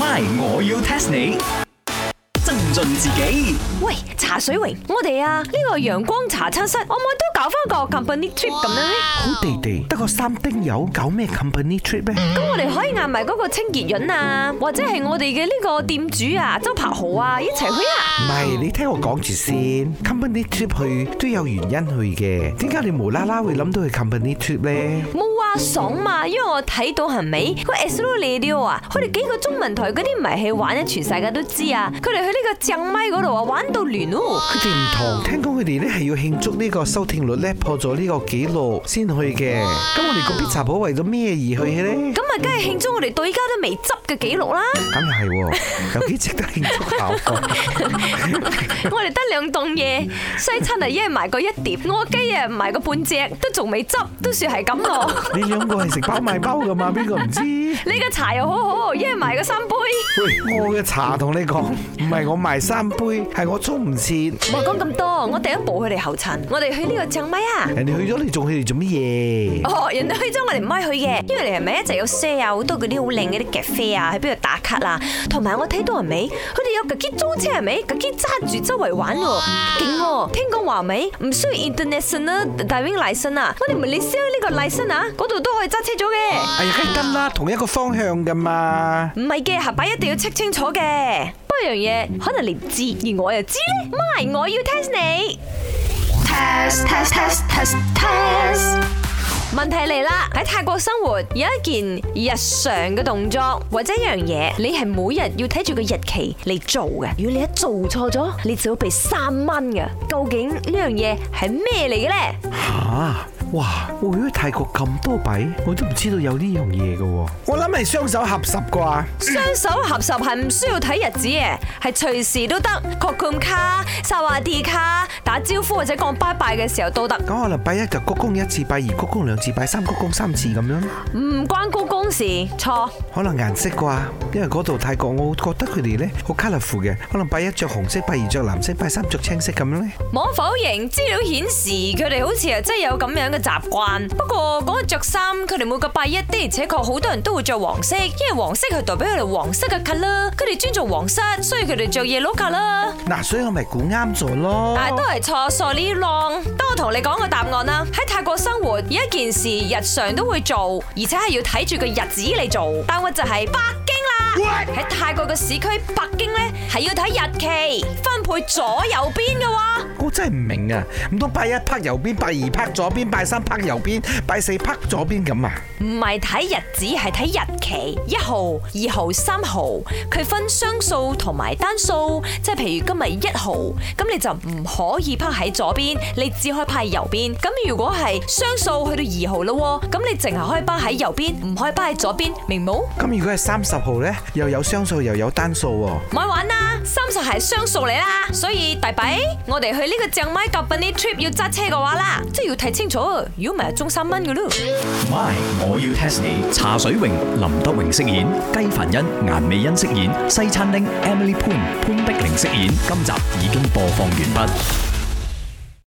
My，我要 test 你，增進自己。喂，茶水榮，我哋啊呢、這個陽光茶餐室，可唔可以都搞翻個 company trip 咁樣咧？Wow. 好地地，得個三丁友搞咩 company trip 呢？咁 我哋可以嗌埋嗰個清潔員啊，或者係我哋嘅呢個店主啊，周柏豪啊一齊去啊？唔、wow. 係，你聽我講住先 ，company trip 去都有原因去嘅。點解你無啦啦會諗到去 company trip 咧？ 爽嘛，因為我睇到係咪？個 Sloleio 啊，佢哋幾個中文台嗰啲唔係戲玩咧，全世界都知啊！佢哋去呢個正咪嗰度啊，玩到亂咯。佢哋唔同，聽講佢哋咧係要慶祝呢個收聽率咧破咗呢個紀錄先去嘅。咁我哋嗰邊茶寶為咗咩而去咧？咁啊，梗係慶祝我哋到依家都未執嘅紀錄啦。咁又係，咁幾值得慶祝下個。我哋得兩棟嘢，西餐啊，耶埋個一碟，我雞啊，埋個半隻，都仲未執，都算係咁咯。邊個係食包賣包噶嘛？邊個唔知？你個茶又好好，因為埋個三杯。我嘅茶同你講，唔係我賣三杯，係我沖唔切。唔好講咁多，我第一步佢哋後塵，我哋去呢個正咪啊！人哋去咗，你仲去嚟做乜嘢？哦，人哋去咗我哋咪去嘅，因為嚟係咪一直有 sale，好多嗰啲好靚嗰啲咖啡啊，喺邊度打卡啦？同埋我睇到人未？佢哋有架機租車人未？架機揸住周圍玩喎，勁喎！聽講話未？唔需要 international driving license 啊！我哋唔理 sell 呢個 license 啊，嗰度。度都可以揸車咗嘅，哎呀梗係得啦，同一個方向噶嘛的。唔係嘅，合擺一定要測清楚嘅。不過樣嘢可能你唔知，而我又知咧，MY，我要 test 你。test test test test test。問題嚟啦，喺泰國生活有一件日常嘅動作或者一樣嘢，你係每日要睇住個日期嚟做嘅。如果你一做錯咗，你就要俾三蚊嘅。究竟呢樣嘢係咩嚟嘅咧？吓、啊！哇！會喺泰國咁多幣，我都唔知道有呢樣嘢嘅喎。我諗係雙手合十啩。雙手合十係唔需要睇日子嘅，係隨時都得。Cocumca 國公卡、沙華地卡、打招呼或者講拜拜嘅時候都得。咁可能拜一就鞠躬一次，拜二鞠躬兩次，拜三鞠躬三次咁樣。唔關鞠躬事，錯。可能顏色啩，因為嗰度泰國，我覺得佢哋咧好 colourful 嘅，可能拜一着紅色，拜二着藍色，拜三着青色咁樣咧。冇否認，資料顯示佢哋好似係真係有咁樣嘅。習慣，不過講下着衫，佢哋每個拜一啲，而且確好多人都會着黃色，因為黃色係代表佢哋黃色嘅 colour 啦。佢哋尊重黃色，所以佢哋着 yellow colour 啦。嗱、啊，所以我咪估啱咗咯。但、啊、係都係錯，sorry long。等我同你講個答案啦，喺泰國生活，有一件事日常都會做，而且係要睇住個日子嚟做。答案就係。喺泰國嘅市區，北京呢係要睇日期分配左右邊嘅話，我真係唔明啊！唔通拜一拍右邊，拜二拍左邊，拜三拍右邊，拜四拍左邊咁啊？唔係睇日子，係睇日期，一號、二號、三號，佢分雙數同埋單數，即係譬如今日一號，咁你就唔可以拍喺左邊，你只可以趴右邊。咁如果係雙數去到二號啦，咁你淨係可以趴喺右邊，唔可以趴喺左邊，明冇？咁如果係三十號呢？又有雙數又有單數喎，玩唔玩啊？三十係雙數嚟啦，所以大比，我哋去呢個象牙島印尼 trip 要揸車嘅話啦，即係要睇清楚，如果唔係中三蚊嘅咯。MY，我要 test 你。茶水榮、林德榮飾演，雞凡欣、顏美欣飾演，西餐廳 Emily Poon 潘碧玲飾演。今集已經播放完畢。